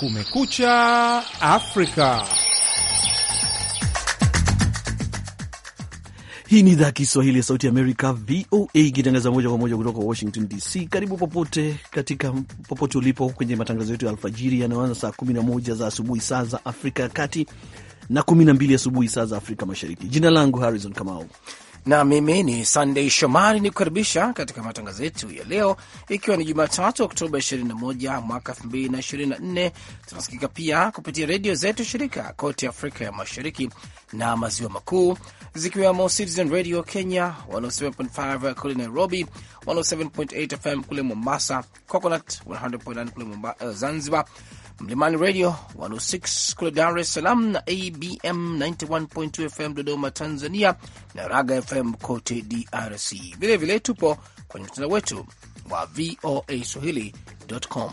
Kumekucha Afrika. Hii ni idhaa Kiswahili ya Sauti Amerika, VOA, ikitangaza moja kwa moja kutoka Washington DC. Karibu popote katika popote ulipo kwenye matangazo yetu ya alfajiri yanayoanza saa 11 za asubuhi saa za Afrika ya Kati na 12 asubuhi saa za Afrika Mashariki. Jina langu Harrison Kamau na mimi ni Sandey Shomari ni kukaribisha katika matangazo yetu ya leo, ikiwa ni Jumatatu Oktoba 21 mwaka 2024. Tunasikika pia kupitia redio zetu shirika kote Afrika ya Mashariki na Maziwa Makuu, zikiwemo Citizen Radio Kenya 107.5 kule Nairobi, 107.8 FM kule Mombasa, Coconut 100.9 kule eh, Zanzibar, Mlimani Radio 106 kule Dar es Salaam na ABM 91.2 FM Dodoma, Tanzania na Raga FM kote DRC. Vilevile tupo kwenye mtandao wetu wa VOA swahili.com.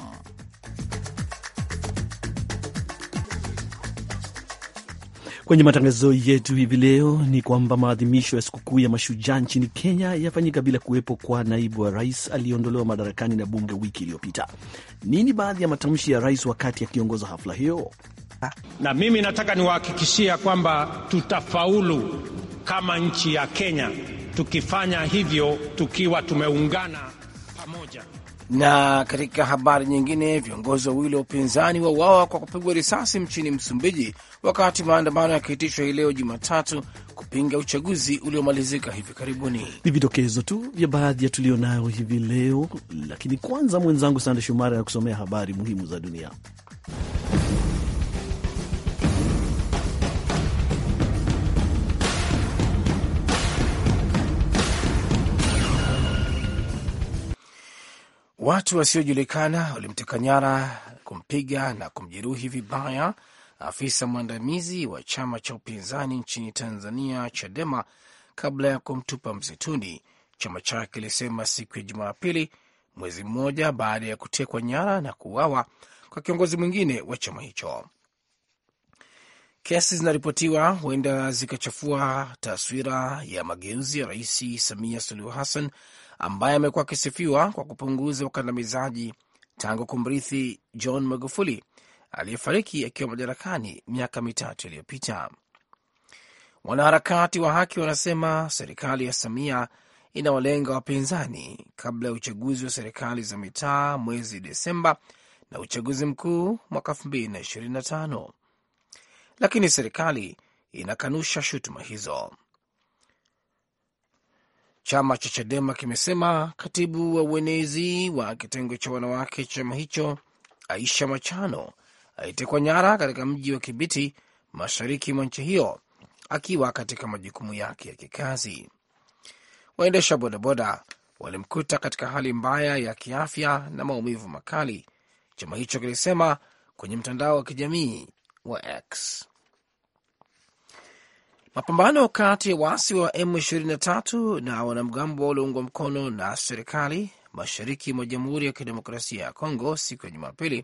Kwenye matangazo yetu hivi leo ni kwamba maadhimisho ya sikukuu ya mashujaa nchini Kenya yafanyika bila kuwepo kwa naibu wa rais aliyeondolewa madarakani na bunge wiki iliyopita. Nini baadhi ya matamshi ya rais wakati akiongoza hafla hiyo? Na mimi nataka niwahakikishia kwamba tutafaulu kama nchi ya Kenya tukifanya hivyo tukiwa tumeungana na katika habari nyingine, viongozi wawili wa upinzani wauawa kwa kupigwa risasi mchini Msumbiji wakati maandamano yakiitishwa hii leo Jumatatu kupinga uchaguzi uliomalizika hivi karibuni. Ni vidokezo tu vya baadhi ya tulio nayo hivi leo, lakini kwanza mwenzangu Sande Shumari anakusomea habari muhimu za dunia. Watu wasiojulikana walimteka nyara, kumpiga na kumjeruhi vibaya afisa mwandamizi wa chama cha upinzani nchini Tanzania, Chadema, kabla ya kumtupa msituni, chama chake kilisema siku ya Jumapili, mwezi mmoja baada ya kutekwa nyara na kuuawa kwa kiongozi mwingine wa chama hicho. Kesi zinaripotiwa huenda zikachafua taswira ya mageuzi ya Rais Samia Suluhu Hassan ambaye amekuwa akisifiwa kwa kupunguza ukandamizaji tangu kumrithi John Magufuli aliyefariki akiwa madarakani miaka mitatu iliyopita. Wanaharakati wa haki wanasema serikali ya Samia inawalenga wapinzani kabla ya uchaguzi wa serikali za mitaa mwezi Desemba na uchaguzi mkuu mwaka 2025, lakini serikali inakanusha shutuma hizo. Chama cha Chadema kimesema katibu wa uenezi wa kitengo cha wanawake cha chama hicho Aisha Machano alitekwa nyara katika mji wa Kibiti, mashariki mwa nchi hiyo, akiwa katika majukumu yake ya kikazi. Waendesha bodaboda walimkuta katika hali mbaya ya kiafya na maumivu makali, chama hicho kilisema kwenye mtandao wa kijamii wa X. Mapambano kati ya waasi wa M23 na wanamgambo walioungwa mkono na serikali mashariki mwa Jamhuri ya Kidemokrasia ya Kongo siku ya Jumapili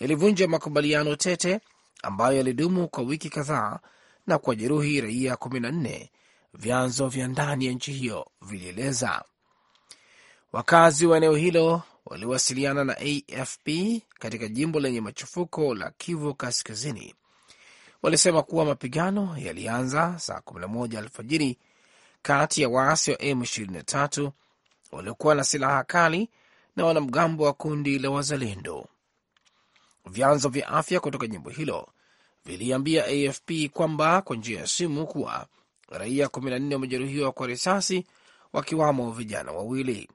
yalivunja makubaliano tete ambayo yalidumu kwa wiki kadhaa na jeruhi raia 14, vyanzo vya ndani ya nchi hiyo vilieleza. Wakazi wa eneo hilo waliwasiliana na AFP katika jimbo lenye machafuko la Kivu Kaskazini walisema kuwa mapigano yalianza saa 11 alfajiri kati ya waasi wa M23 waliokuwa na silaha kali na wanamgambo wa kundi la Wazalendo. Vyanzo vya afya kutoka jimbo hilo viliambia AFP kwamba kwa njia ya simu kuwa raia 14 wamejeruhiwa kwa risasi, wakiwamo vijana wawili.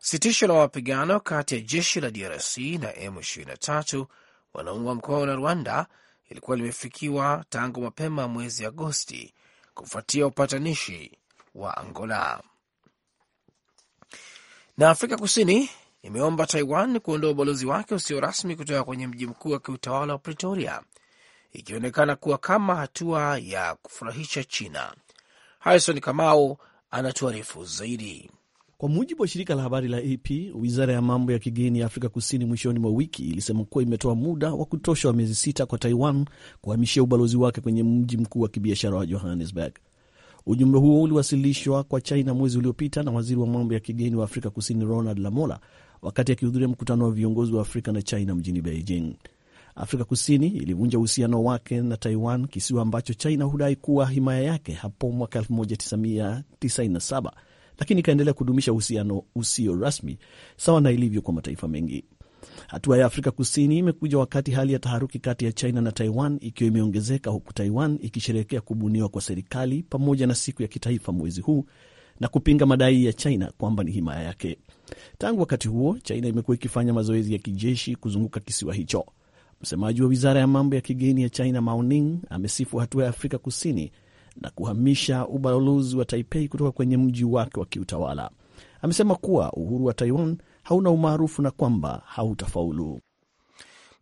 Sitisho la mapigano kati ya jeshi la DRC na M23 wanaungwa mkono na Rwanda lilikuwa limefikiwa tangu mapema mwezi Agosti kufuatia upatanishi wa Angola. Na Afrika Kusini imeomba Taiwan kuondoa ubalozi wake usio rasmi kutoka kwenye mji mkuu wa kiutawala wa Pretoria, ikionekana kuwa kama hatua ya kufurahisha China. Harrison Kamau anatuarifu zaidi. Kwa mujibu wa shirika la habari la AP, wizara ya mambo ya kigeni ya Afrika Kusini mwishoni mwa wiki ilisema kuwa imetoa muda wa kutosha wa miezi sita kwa Taiwan kuhamishia ubalozi wake kwenye mji mkuu wa kibiashara wa Johannesburg. Ujumbe huo uliwasilishwa kwa China mwezi uliopita na waziri wa mambo ya kigeni wa Afrika Kusini Ronald Lamola wakati akihudhuria mkutano wa viongozi wa Afrika na China mjini Beijing. Afrika Kusini ilivunja uhusiano wake na Taiwan, kisiwa ambacho China hudai kuwa himaya yake hapo mwaka 1997 lakini ikaendelea kudumisha uhusiano usio rasmi sawa na ilivyo kwa mataifa mengi. Hatua ya Afrika Kusini imekuja wakati hali ya taharuki kati ya China na Taiwan ikiwa imeongezeka huku Taiwan ikisherehekea kubuniwa kwa serikali pamoja na siku ya kitaifa mwezi huu na kupinga madai ya China kwamba ni himaya yake. Tangu wakati huo, China imekuwa ikifanya mazoezi ya kijeshi kuzunguka kisiwa hicho. Msemaji wa wizara ya mambo ya kigeni ya China, Mao Ning, amesifu hatua ya Afrika Kusini na kuhamisha ubalozi wa Taipei kutoka kwenye mji wake wa kiutawala. Amesema kuwa uhuru wa Taiwan hauna umaarufu na kwamba hautafaulu.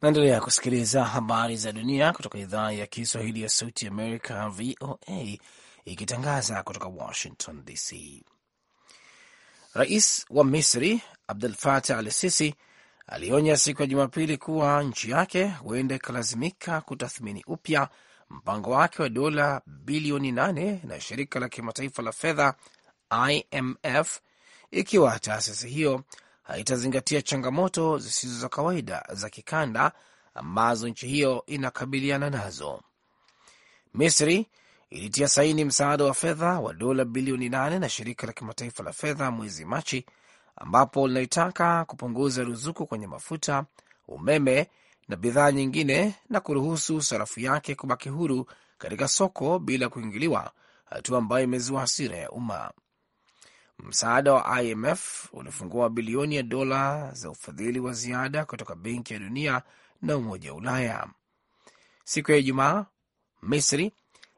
Naendelea kusikiliza habari za dunia kutoka idhaa ya Kiswahili ya Sauti Amerika, VOA, ikitangaza kutoka Washington DC. Rais wa Misri Abdul Fatah Al Sisi alionya siku ya Jumapili kuwa nchi yake huenda ikalazimika kutathmini upya mpango wake wa dola bilioni 8 na shirika la kimataifa la fedha IMF, ikiwa taasisi hiyo haitazingatia changamoto zisizo za kawaida za kikanda ambazo nchi hiyo inakabiliana nazo. Misri ilitia saini msaada wa fedha wa dola bilioni 8 na shirika la kimataifa la fedha mwezi Machi, ambapo linaitaka kupunguza ruzuku kwenye mafuta, umeme na bidhaa nyingine na kuruhusu sarafu yake kubaki huru katika soko bila kuingiliwa, hatua ambayo imezua hasira ya umma. Msaada wa IMF ulifungua bilioni ya dola za ufadhili wa ziada kutoka Benki ya Dunia na Umoja wa Ulaya. Siku ya Ijumaa, Misri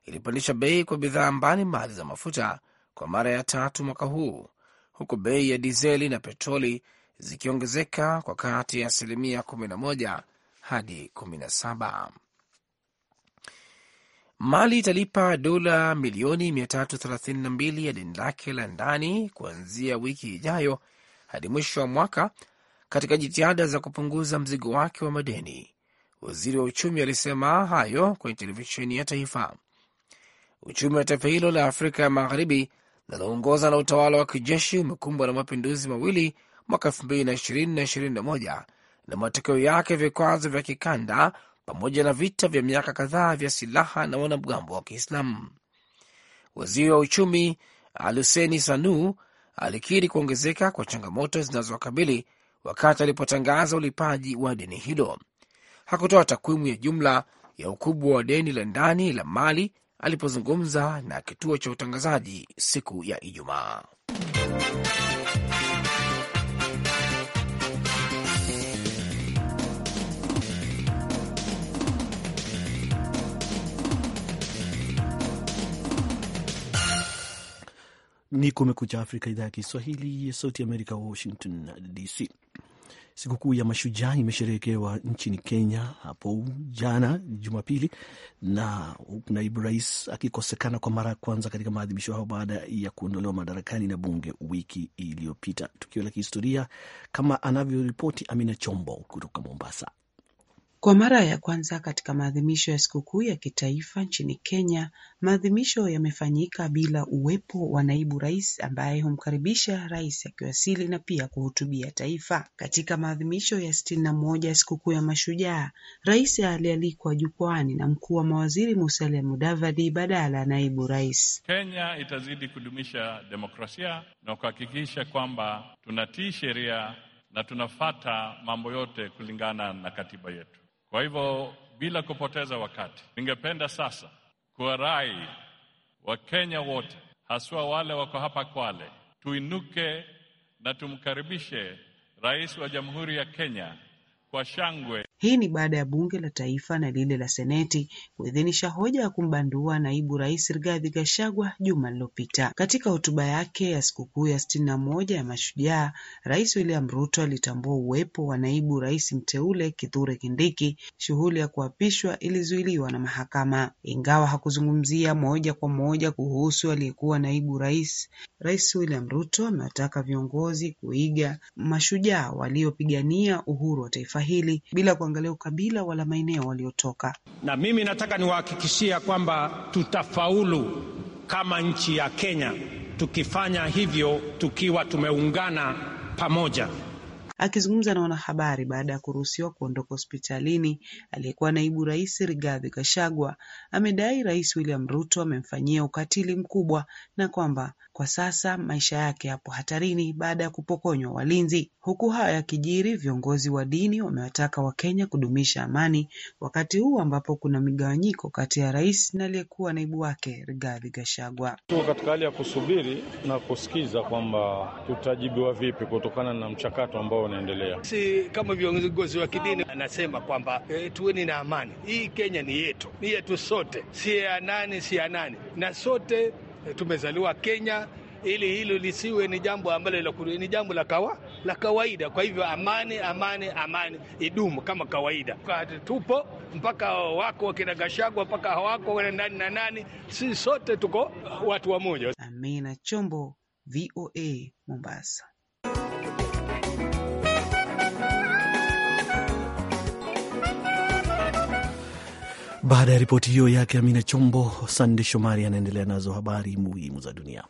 ilipandisha bei kwa bidhaa mbalimbali za mafuta kwa mara ya tatu mwaka huu, huku bei ya dizeli na petroli zikiongezeka kwa kati ya asilimia 11 hadi kumi na saba. Mali italipa dola milioni 332 ya deni lake la ndani kuanzia wiki ijayo hadi mwisho wa mwaka katika jitihada za kupunguza mzigo wake wa madeni. Waziri wa uchumi alisema hayo kwenye televisheni ya taifa. Uchumi wa taifa hilo la Afrika ya Magharibi linaloongoza na utawala wa kijeshi umekumbwa na mapinduzi mawili mwaka 2020 na 2021 na matokeo yake vikwazo vya kikanda pamoja na vita vya miaka kadhaa vya silaha na wanamgambo wa Kiislamu. Waziri wa uchumi Aluseni Sanu alikiri kuongezeka kwa changamoto zinazowakabili wakati alipotangaza ulipaji wa deni hilo. Hakutoa takwimu ya jumla ya ukubwa wa deni la ndani la Mali alipozungumza na kituo cha utangazaji siku ya Ijumaa. Ni Kumekucha Afrika, idhaa ya Kiswahili ya Sauti Amerika, Washington DC. Sikukuu ya Mashujaa imesherehekewa nchini Kenya hapo jana Jumapili, na naibu rais akikosekana kwa mara ya kwanza katika maadhimisho hayo baada ya kuondolewa madarakani na bunge wiki iliyopita, tukio la kihistoria kama anavyoripoti Amina Chombo kutoka Mombasa. Kwa mara ya kwanza katika maadhimisho ya Sikukuu ya Kitaifa nchini Kenya, maadhimisho yamefanyika bila uwepo wa Naibu Rais ambaye humkaribisha Rais akiwasili na pia kuhutubia taifa. Katika maadhimisho ya sitini na moja ya Sikukuu ya Mashujaa, Rais alialikwa jukwani na Mkuu wa Mawaziri Musalia Mudavadi badala ya Naibu Rais. Kenya itazidi kudumisha demokrasia na kuhakikisha kwamba tunatii sheria na tunafata mambo yote kulingana na katiba yetu. Kwa hivyo bila kupoteza wakati, ningependa sasa kuwarai Wakenya wote, haswa wale wako hapa Kwale, tuinuke na tumkaribishe Rais wa Jamhuri ya Kenya kwa shangwe. Hii ni baada ya bunge la taifa na lile la seneti kuidhinisha hoja ya kumbandua naibu rais Rigathi Gachagua juma lilopita. Katika hotuba yake ya sikukuu ya sitini na moja ya mashujaa, Rais William Ruto alitambua uwepo wa naibu rais mteule Kithure Kindiki. Shughuli ya kuapishwa ilizuiliwa na mahakama. Ingawa hakuzungumzia moja kwa moja kuhusu aliyekuwa naibu rais, Rais William Ruto amewataka viongozi kuiga mashujaa waliopigania uhuru wa taifa hili bila kuangalia ukabila wala maeneo waliotoka. Na mimi nataka niwahakikishia kwamba tutafaulu kama nchi ya Kenya tukifanya hivyo tukiwa tumeungana pamoja. Akizungumza na wanahabari baada ya kuruhusiwa kuondoka hospitalini, aliyekuwa naibu rais Rigathi Gachagua amedai Rais William Ruto amemfanyia ukatili mkubwa na kwamba kwa sasa maisha yake yapo hatarini baada ya kupokonywa walinzi. Huku hayo yakijiri, viongozi wa dini wamewataka Wakenya kudumisha amani wakati huu ambapo kuna migawanyiko kati ya rais na aliyekuwa naibu wake Rigathi Gachagua. Tuko katika hali ya kusubiri na kusikiza kwamba tutajibiwa vipi kutokana na mchakato ambao unaendelea. Si kama viongozi wa kidini anasema kwamba e, tuweni na amani, hii Kenya ni yetu, ni yetu sote sote, si ya nani, si ya nani, na sote eh, tumezaliwa Kenya ili hilo lisiwe ni jambo ambalo ni jambo la kawa, la kawaida. Kwa hivyo amani, amani, amani idumu kama kawaida. Tupo mpaka wako wakina Gashagwa mpaka hawako nani na nani, si sote tuko eh, watu wa moja. Amina Chombo, VOA Mombasa. Baada ya ripoti hiyo yake Amina Chombo, Sande Shomari anaendelea nazo habari muhimu za dunia.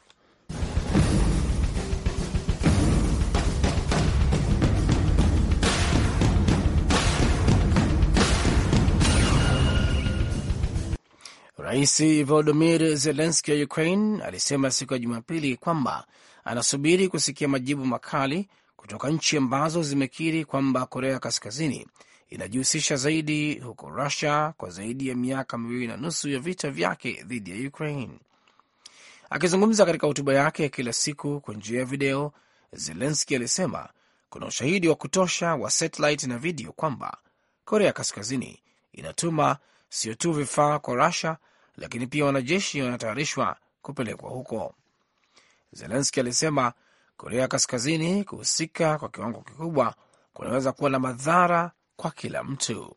Rais Volodimir Zelenski wa Ukraine alisema siku ya Jumapili kwamba anasubiri kusikia majibu makali kutoka nchi ambazo zimekiri kwamba Korea Kaskazini inajihusisha zaidi huko Rusia kwa zaidi ya miaka miwili na nusu ya vita vyake dhidi ya Ukraine. Akizungumza katika hotuba yake ya kila siku kwa njia ya video, Zelenski alisema kuna ushahidi wa kutosha wa satellite na video kwamba Korea Kaskazini inatuma sio tu vifaa kwa Rusia, lakini pia wanajeshi wanatayarishwa kupelekwa huko. Zelenski alisema Korea Kaskazini kuhusika kwa kiwango kikubwa kunaweza kuwa na madhara kwa kila mtu.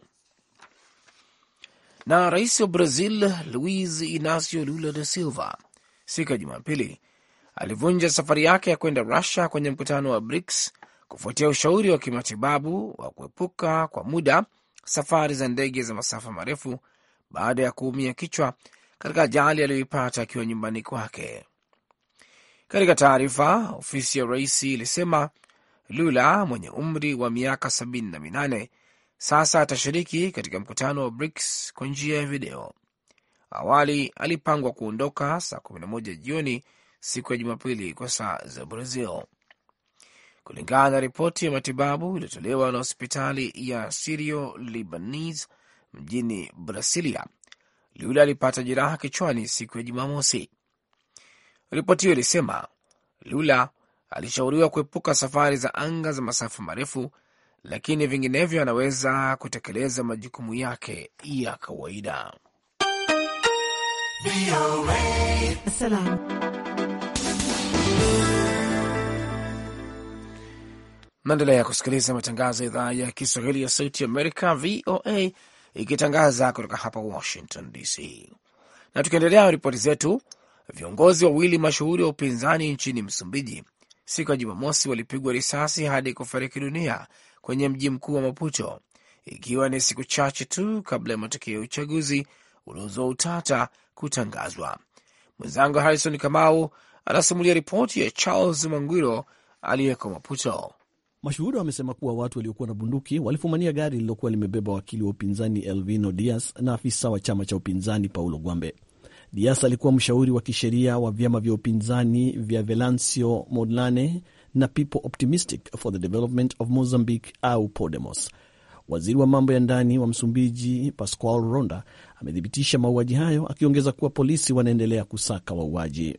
Na rais wa Brazil Luis Inacio Lula da Silva siku ya Jumapili alivunja safari yake ya kwenda Rusia kwenye mkutano wa BRICS kufuatia ushauri wa kimatibabu wa kuepuka kwa muda safari za ndege za masafa marefu baada ya kuumia kichwa katika ajali aliyoipata akiwa nyumbani kwake. Katika taarifa, ofisi ya rais ilisema Lula mwenye umri wa miaka na minane sasa atashiriki katika mkutano wa BRICS kwa njia ya video. Awali alipangwa kuondoka saa 11 jioni siku ya Jumapili kwa saa za Brazil, kulingana na ripoti ya matibabu iliyotolewa na hospitali ya Sirio Libanese mjini Brasilia. Lula alipata jeraha kichwani siku ya Jumamosi. Ripoti hiyo ilisema Lula alishauriwa kuepuka safari za anga za masafa marefu lakini vinginevyo anaweza kutekeleza majukumu yake ya kawaida. Naendelea kusikiliza matangazo ya idhaa ya Kiswahili ya Sauti Amerika, VOA, ikitangaza kutoka hapa Washington DC. Na tukiendelea ripoti zetu, viongozi wawili mashuhuri wa upinzani nchini Msumbiji siku ya Jumamosi walipigwa risasi hadi kufariki dunia kwenye mji mkuu wa Maputo, ikiwa ni siku chache tu kabla ya matokeo ya uchaguzi uliozua utata kutangazwa. Mwenzangu Harrison Kamau anasimulia ripoti ya Charles Mangwiro aliyeko Maputo. Mashuhuda wamesema kuwa watu waliokuwa na bunduki walifumania gari lililokuwa limebeba wakili wa upinzani Elvino Dias na afisa wa chama cha upinzani Paulo Gwambe. Dias alikuwa mshauri wa kisheria wa vyama vya upinzani vya Velancio Mondlane na People Optimistic for the Development of Mozambique au Podemos. Waziri wa mambo ya ndani wa Msumbiji Pascoal Ronda amethibitisha mauaji hayo, akiongeza kuwa polisi wanaendelea kusaka wauaji.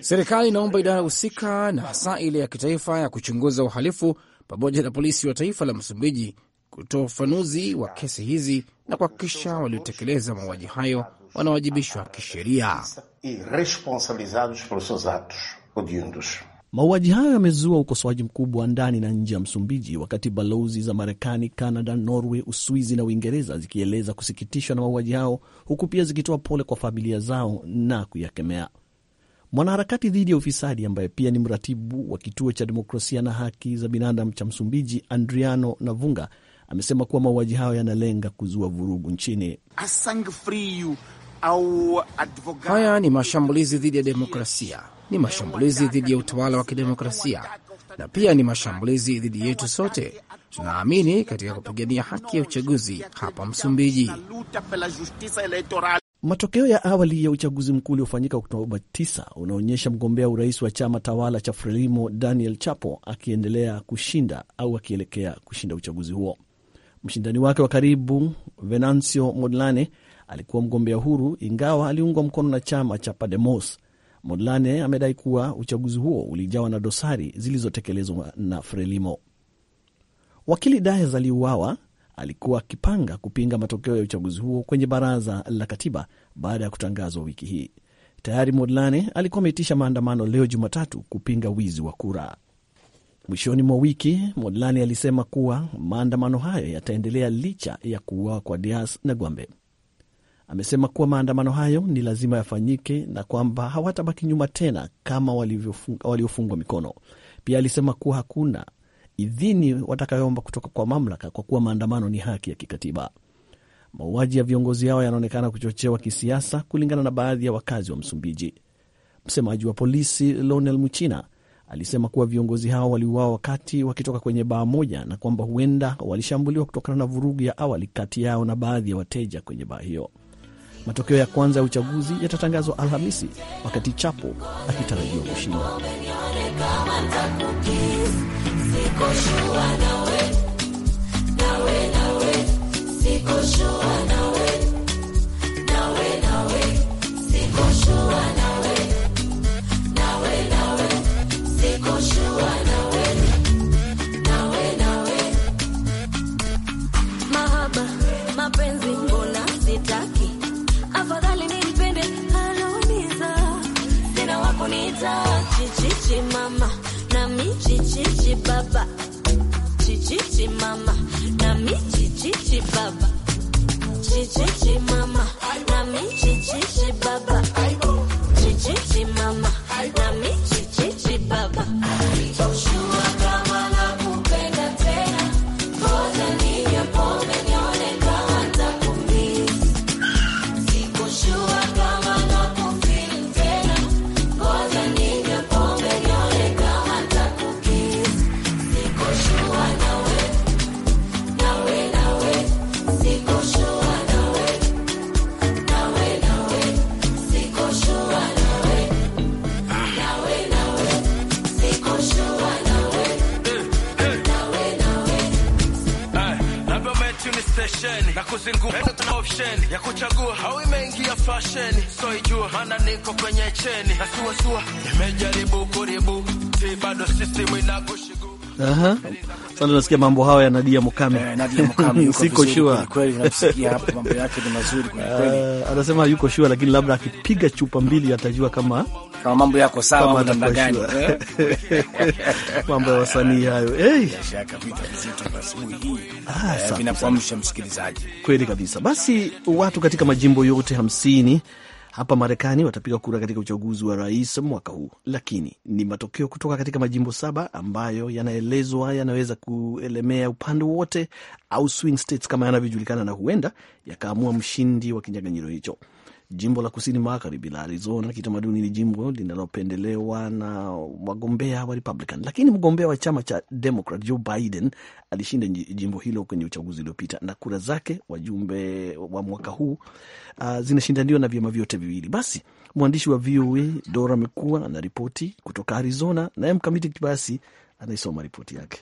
Serikali inaomba idara husika na hasa ile ya kitaifa ya kuchunguza uhalifu pamoja na polisi wa taifa la Msumbiji kutoa ufafanuzi wa kesi hizi na kuhakikisha waliotekeleza mauaji hayo wanawajibishwa kisheria. Mauaji hayo yamezua ukosoaji mkubwa ndani na nje ya Msumbiji, wakati balozi za Marekani, Kanada, Norway, Uswizi na Uingereza zikieleza kusikitishwa na mauaji hao, huku pia zikitoa pole kwa familia zao na kuyakemea. Mwanaharakati dhidi ya ufisadi ambaye pia ni mratibu wa kituo cha demokrasia na haki za binadamu cha Msumbiji, andriano Navunga, amesema kuwa mauaji hayo yanalenga kuzua vurugu nchini au advogado. Haya ni mashambulizi dhidi ya demokrasia, ni mashambulizi dhidi ya utawala wa kidemokrasia, na pia ni mashambulizi dhidi yetu sote tunaamini katika kupigania haki ya uchaguzi hapa Msumbiji. Matokeo ya awali ya uchaguzi mkuu uliofanyika Oktoba 9 unaonyesha mgombea urais wa chama tawala cha Frelimo Daniel Chapo akiendelea kushinda au akielekea kushinda uchaguzi huo. Mshindani wake wa karibu Venancio Modlane alikuwa mgombea huru ingawa aliungwa mkono na chama cha pademos modlane amedai kuwa uchaguzi huo ulijawa na dosari zilizotekelezwa na Frelimo. Wakili Daes aliuawa alikuwa akipanga kupinga matokeo ya uchaguzi huo kwenye baraza la katiba baada ya kutangazwa wiki hii. Tayari Modlane alikuwa ameitisha maandamano leo Jumatatu kupinga wizi wa kura. Mwishoni mwa wiki, modlani alisema kuwa maandamano hayo yataendelea licha ya kuuawa kwa Dias na Gwambe. Amesema kuwa maandamano hayo ni lazima yafanyike na kwamba hawatabaki nyuma tena kama waliofungwa mikono. Pia alisema kuwa hakuna idhini watakayoomba kutoka kwa mamlaka kwa kuwa maandamano ni haki ya kikatiba. Mauaji ya viongozi hao yanaonekana kuchochewa kisiasa, kulingana na baadhi ya wakazi wa Msumbiji. Msemaji wa polisi Lonel Muchina alisema kuwa viongozi hao waliuawa wakati wakitoka kwenye baa moja na kwamba huenda walishambuliwa kutokana na vurugu ya awali kati yao na baadhi ya wateja kwenye baa hiyo. Matokeo ya kwanza ya uchaguzi yatatangazwa Alhamisi, wakati Chapo akitarajiwa kushinda. chichi mama nami chichichi baba chichichi mama nami chichichi baba chichichi mama option na kuzunguka option ya kuchagua au imeingia fashion, so ijua maana niko kwenye cheni na sua sua, nimejaribu kuribu ti bado system inakushigu Aha. Sasa nasikia mambo hayo ya Nadia Mukame. Eh, Nadia Mukame siko sure. Kweli nasikia hapo mambo yake ni mazuri kweli kweli. Eh, anasema yuko sure lakini labda akipiga chupa mbili atajua kama kama mambo yako sawa namna gani? Eh? Mambo ya wasanii hayo, ah, eh, vinakuamsha msikilizaji, kweli kabisa. Basi watu katika majimbo yote hamsini hapa Marekani watapiga kura katika uchaguzi wa rais mwaka huu, lakini ni matokeo kutoka katika majimbo saba ambayo yanaelezwa yanaweza kuelemea upande wote au swing states kama yanavyojulikana, na huenda yakaamua mshindi wa kinyang'anyiro hicho. Jimbo la kusini magharibi la Arizona kitamaduni ni jimbo linalopendelewa na wagombea wa Republican, lakini mgombea wa chama cha Democrat Joe Biden alishinda jimbo hilo kwenye uchaguzi uliopita, na kura zake wajumbe wa mwaka huu uh, zinashindaniwa na vyama vyote viwili. Basi mwandishi wa VOA Dora amekuwa ripoti kutoka Arizona, naye Mkamiti Kibasi anaisoma ripoti yake.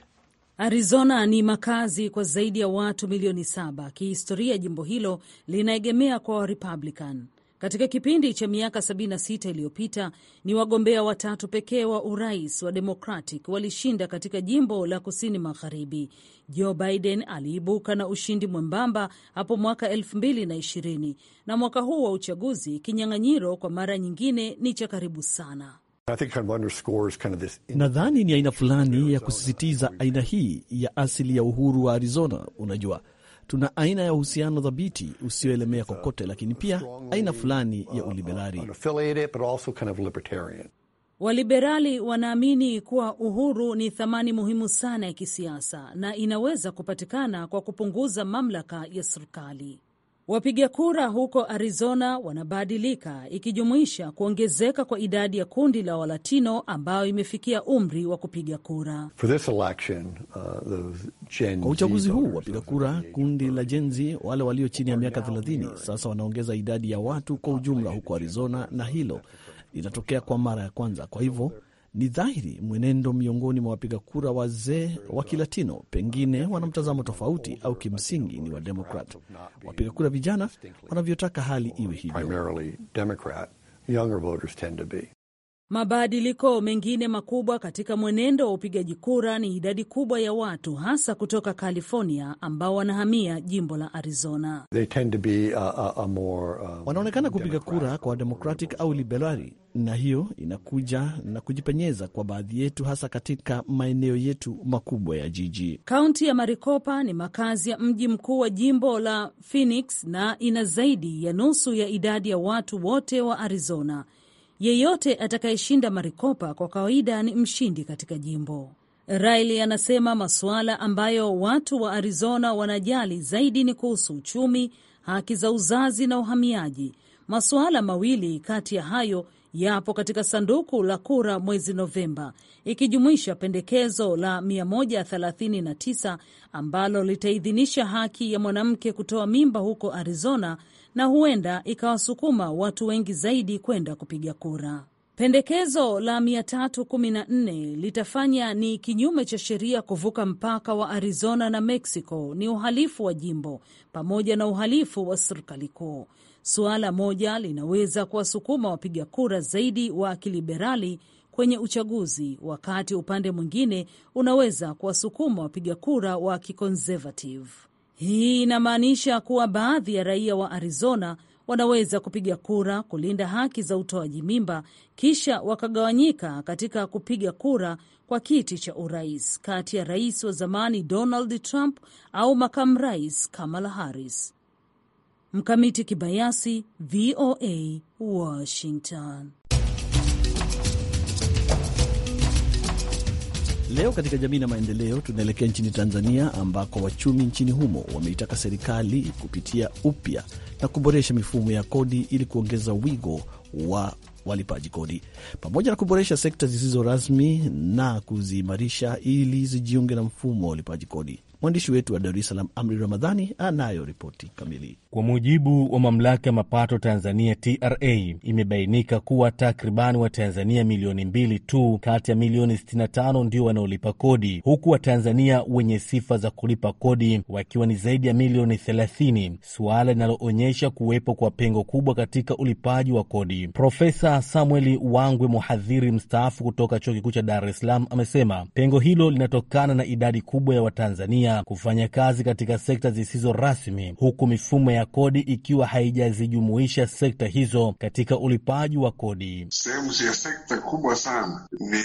Arizona ni makazi kwa zaidi ya watu milioni saba. Kihistoria, jimbo hilo linaegemea kwa Warepublican. Katika kipindi cha miaka 76 iliyopita ni wagombea watatu pekee wa urais wa Democratic walishinda katika jimbo la kusini magharibi. Joe Biden aliibuka na ushindi mwembamba hapo mwaka 2020 na mwaka huu wa uchaguzi, kinyang'anyiro kwa mara nyingine ni cha karibu sana. Nadhani ni aina fulani ya kusisitiza aina hii ya asili ya uhuru wa Arizona. Unajua, Tuna aina ya uhusiano thabiti usioelemea uh, kokote, lakini pia aina fulani ya uh, uliberali. Waliberali wanaamini kuwa uhuru ni thamani muhimu sana ya kisiasa na inaweza kupatikana kwa kupunguza mamlaka ya serikali. Wapiga kura huko Arizona wanabadilika ikijumuisha kuongezeka kwa idadi ya kundi la Walatino ambayo imefikia umri wa kupiga kura. Uh, kwa uchaguzi huu wapiga kura kundi la jenzi, wale walio chini ya miaka 30, sasa wanaongeza idadi ya watu kwa ujumla huko Arizona, na hilo linatokea kwa mara ya kwanza. Kwa hivyo ni dhahiri mwenendo miongoni mwa wapiga kura wazee wa Kilatino pengine wana mtazamo tofauti au kimsingi ni Wademokrat. Wapiga kura vijana wanavyotaka hali iwe hivyo. Mabadiliko mengine makubwa katika mwenendo wa upigaji kura ni idadi kubwa ya watu hasa kutoka California ambao wanahamia jimbo la Arizona. Uh, uh, uh, Wanaonekana kupiga kura kwa Democratic au liberali, na hiyo inakuja na kujipenyeza kwa baadhi yetu, hasa katika maeneo yetu makubwa ya jiji. Kaunti ya Maricopa ni makazi ya mji mkuu wa jimbo la Phoenix na ina zaidi ya nusu ya idadi ya watu wote wa Arizona. Yeyote atakayeshinda marikopa kwa kawaida ni mshindi katika jimbo. Riley anasema masuala ambayo watu wa Arizona wanajali zaidi ni kuhusu uchumi, haki za uzazi na uhamiaji. Masuala mawili kati ya hayo yapo katika sanduku la kura mwezi Novemba, ikijumuisha pendekezo la 139 ambalo litaidhinisha haki ya mwanamke kutoa mimba huko Arizona na huenda ikawasukuma watu wengi zaidi kwenda kupiga kura. Pendekezo la 314 litafanya ni kinyume cha sheria kuvuka mpaka wa Arizona na Mexico, ni uhalifu wa jimbo pamoja na uhalifu wa serikali kuu. Suala moja linaweza kuwasukuma wapiga kura zaidi wa kiliberali kwenye uchaguzi, wakati upande mwingine unaweza kuwasukuma wapiga kura wa kiconservative. Hii inamaanisha kuwa baadhi ya raia wa Arizona wanaweza kupiga kura kulinda haki za utoaji mimba kisha wakagawanyika katika kupiga kura kwa kiti cha urais kati ya rais wa zamani Donald Trump au makamu rais Kamala Harris. Mkamiti Kibayasi, VOA, Washington. Leo katika jamii na maendeleo, tunaelekea nchini Tanzania ambako wachumi nchini humo wameitaka serikali kupitia upya na kuboresha mifumo ya kodi ili kuongeza wigo wa walipaji kodi pamoja na kuboresha sekta zisizo rasmi na kuziimarisha ili zijiunge na mfumo wa ulipaji kodi. Mwandishi wetu wa Dar es Salaam, Amri Ramadhani, anayo ripoti kamili. Kwa mujibu wa mamlaka ya mapato Tanzania, TRA, imebainika kuwa takribani Watanzania milioni mbili tu kati ya milioni 65 ndio wanaolipa kodi, huku Watanzania wenye sifa za kulipa kodi wakiwa ni zaidi ya milioni 30, suala linaloonyesha kuwepo kwa pengo kubwa katika ulipaji wa kodi. Profesa Samuel Wangwe, mhadhiri mstaafu kutoka chuo kikuu cha Dar es Salaam, amesema pengo hilo linatokana na idadi kubwa ya Watanzania Tanzania kufanya kazi katika sekta zisizo rasmi, huku mifumo ya kodi ikiwa haijazijumuisha sekta hizo katika ulipaji wa kodi. Sehemu ya sekta kubwa sana ni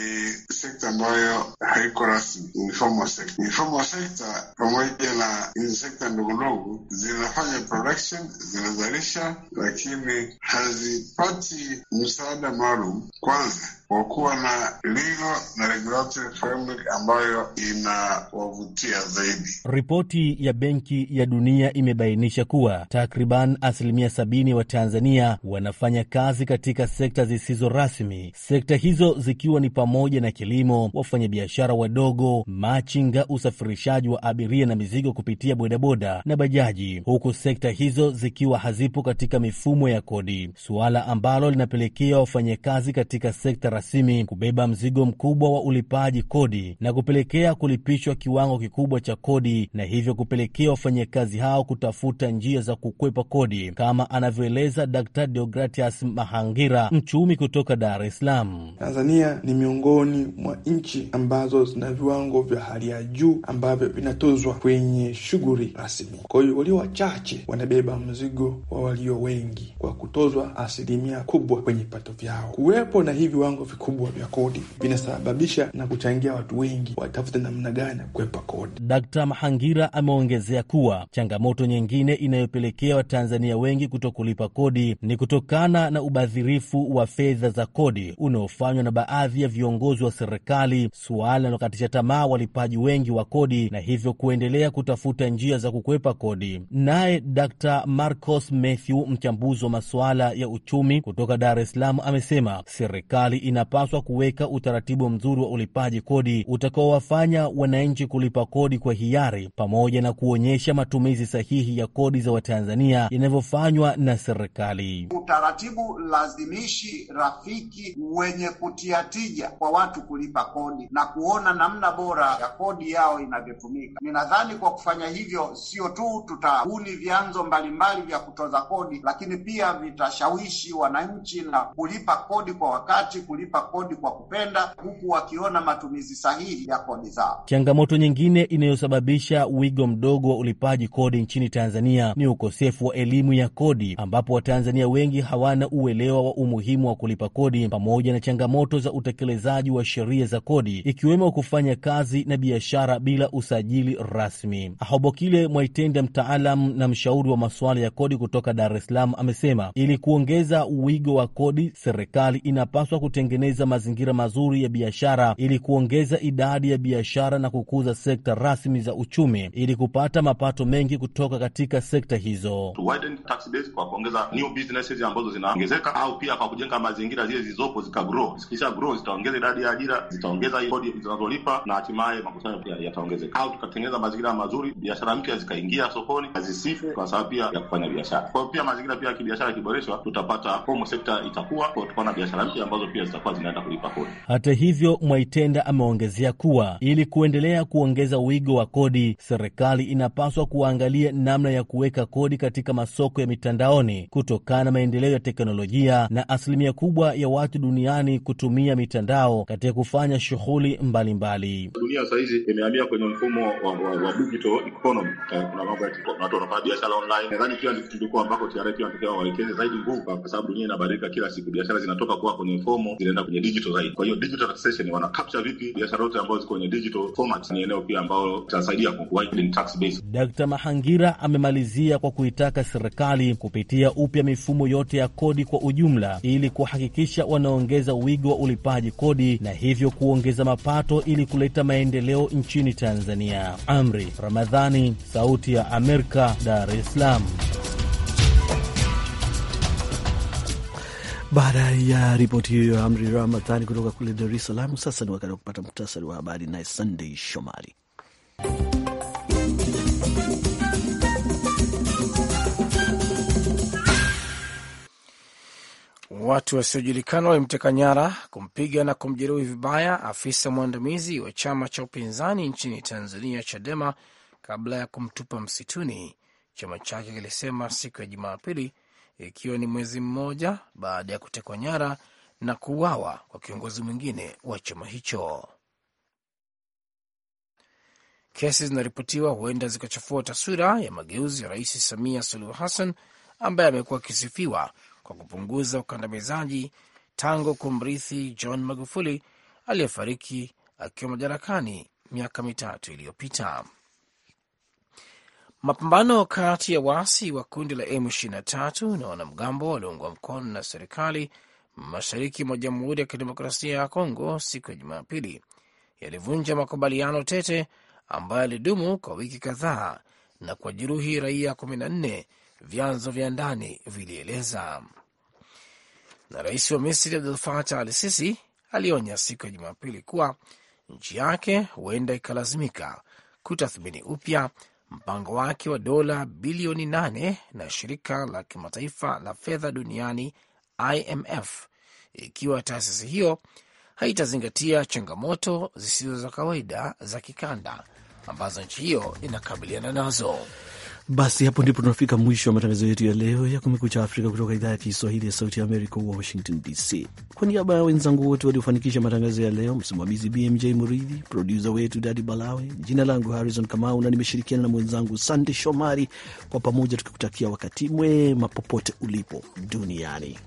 sekta ambayo haiko rasmi, sekta. Mifumo Uniformal sekta pamoja na hizi sekta ndogondogo zinafanya production, zinazalisha, lakini hazipati msaada maalum kwanza kwa kuwa na legal na regulatory framework ambayo inawavutia zaidi zaidi. Ripoti ya Benki ya Dunia imebainisha kuwa takriban asilimia sabini wa Tanzania wanafanya kazi katika sekta zisizo rasmi, sekta hizo zikiwa ni pamoja na kilimo, wafanyabiashara wadogo, machinga, usafirishaji wa abiria na mizigo kupitia bodaboda na bajaji, huku sekta hizo zikiwa hazipo katika mifumo ya kodi, suala ambalo linapelekea wafanyakazi katika sekta rasmi kubeba mzigo mkubwa wa ulipaji kodi na kupelekea kulipishwa kiwango kikubwa cha kodi na hivyo kupelekea wafanyakazi hao kutafuta njia za kukwepa kodi, kama anavyoeleza Dr. Deogratias Mahangira, mchumi kutoka Dar es Salaam. Tanzania ni miongoni mwa nchi ambazo zina viwango vya hali ya juu ambavyo vinatozwa kwenye shughuli rasmi. Kwa hiyo walio wachache wanabeba mzigo wa walio wengi kwa kutozwa asilimia kubwa kwenye vipato vyao. Kuwepo na hii viwango vikubwa vya kodi vinasababisha na kuchangia watu wengi watafute namna gani ya kukwepa kodi. Dr. Dkt. Mahangira ameongezea kuwa changamoto nyingine inayopelekea Watanzania wengi kulipa kodi ni kutokana na ubadhirifu wa fedha za kodi unaofanywa na baadhi ya viongozi wa serikali, suala linalokatisha tamaa walipaji wengi wa kodi na hivyo kuendelea kutafuta njia za kukwepa kodi. Naye Dr Marcos Mathew, mchambuzi wa masuala ya uchumi kutoka Dar es Salaam, amesema serikali inapaswa kuweka utaratibu mzuri wa ulipaji kodi utakaowafanya wananchi kulipa kodi kwa hiari pamoja na kuonyesha matumizi sahihi ya kodi za Watanzania yanavyofanywa na serikali. Utaratibu lazimishi rafiki wenye kutia tija kwa watu kulipa kodi na kuona namna bora ya kodi yao inavyotumika. Ninadhani kwa kufanya hivyo, sio tu tutabuni vyanzo mbalimbali vya kutoza kodi, lakini pia vitashawishi wananchi na kulipa kodi kwa wakati, kulipa kodi kwa kupenda, huku wakiona matumizi sahihi ya kodi zao. Changamoto nyingine inayo kinachosababisha wigo mdogo wa ulipaji kodi nchini Tanzania ni ukosefu wa elimu ya kodi, ambapo Watanzania wengi hawana uelewa wa umuhimu wa kulipa kodi, pamoja na changamoto za utekelezaji wa sheria za kodi, ikiwemo kufanya kazi na biashara bila usajili rasmi. Ahobokile Mwaitenda, mtaalam na mshauri wa masuala ya kodi kutoka Dar es Salaam, amesema ili kuongeza wigo wa kodi, serikali inapaswa kutengeneza mazingira mazuri ya biashara ili kuongeza idadi ya biashara na kukuza sekta rasmi shughuli za uchumi ili kupata mapato mengi kutoka katika sekta hizo. To widen tax base kwa kuongeza new businesses ambazo zinaongezeka au pia kwa kujenga mazingira zile zilizopo zika grow, zikisha grow zitaongeza idadi ya ajira, zitaongeza kodi zinazolipa na hatimaye makusanyo pia yataongezeka, au tukatengeneza mazingira mazuri, biashara mpya zikaingia sokoni, zisife kwa sababu pia ya kufanya biashara. Kwa hiyo pia mazingira pia ya kibiashara yakiboreshwa, tutapata homo sekta itakuwa kwa tutakuwa na biashara mpya ambazo pia zitakuwa zinaenda kulipa kodi. Hata hivyo, Mwaitenda ameongezea kuwa ili kuendelea kuongeza wigo wa kodi, serikali inapaswa kuangalia namna ya kuweka kodi katika masoko ya mitandaoni kutokana na maendeleo ya teknolojia na asilimia kubwa ya watu duniani kutumia mitandao katika kufanya shughuli mbalimbali. Dunia sasa hizi imehamia kwenye mfumo wa, wa, wa digital economy. Eh, kuna mambo ya watu wanafanya biashara online. Nadhani pia ndiko ambako TRA pia wanatakiwa wawekeze zaidi nguvu, kwa sababu dunia inabadilika kila siku. Biashara zinatoka kuwa kwenye mfumo zinaenda kwenye digital zaidi. Kwa hiyo digital taxation wana capture vipi biashara zote ambazo ziko kwenye digital format? Ni eneo pia ambalo itasaidia tax base. Mahangira amemalizia kwa kuitaka serikali kupitia upya mifumo yote ya kodi kwa ujumla ili kuhakikisha wanaongeza wigo wa ulipaji kodi na hivyo kuongeza mapato ili kuleta maendeleo nchini Tanzania. Amri Ramadhani, Sauti ya Amerika, Dar es Salaam. Baada ya ripoti hiyo ya Amri Ramadhani kutoka kule Dar es Salaam, sasa ni wakati wa kupata muhtasari wa habari naye sandei Shomari. Watu wasiojulikana walimteka nyara, kumpiga na kumjeruhi vibaya afisa mwandamizi wa chama cha upinzani nchini Tanzania, Chadema, kabla ya kumtupa msituni, chama chake kilisema siku ya Jumapili, ikiwa ni mwezi mmoja baada ya kutekwa nyara na kuuawa kwa kiongozi mwingine wa chama hicho. Kesi zinaripotiwa huenda zikachafua taswira ya mageuzi ya Rais Samia Suluhu Hassan ambaye amekuwa akisifiwa kwa kupunguza ukandamizaji tangu kumrithi John Magufuli aliyefariki akiwa madarakani miaka mitatu iliyopita. Mapambano kati ya waasi wa kundi la M23 na wanamgambo walioungwa mkono na serikali mashariki mwa Jamhuri ya Kidemokrasia ya Kongo siku ya Jumapili yalivunja makubaliano tete ambayo yalidumu kwa wiki kadhaa na kuwajeruhi raia 14 vyanzo vya ndani vilieleza. Na rais wa Misri Abdul Fatah Al Sisi alionya siku ya Jumapili kuwa nchi yake huenda ikalazimika kutathmini upya mpango wake wa dola bilioni nane na shirika la kimataifa la fedha duniani IMF ikiwa taasisi hiyo haitazingatia changamoto zisizo za kawaida za kikanda ambazo nchi hiyo inakabiliana nazo. Basi hapo ndipo tunafika mwisho wa matangazo yetu ya leo ya Kumekucha Afrika kutoka idhaa ya Kiswahili ya Sauti ya Amerika, Washington DC. Kwa niaba ya wenzangu wote waliofanikisha matangazo ya leo, msimamizi BMJ Muridhi, produsa wetu Dadi Balawe, jina langu Harrison Kamau na nimeshirikiana na mwenzangu Sande Shomari, kwa pamoja tukikutakia wakati mwema popote ulipo duniani.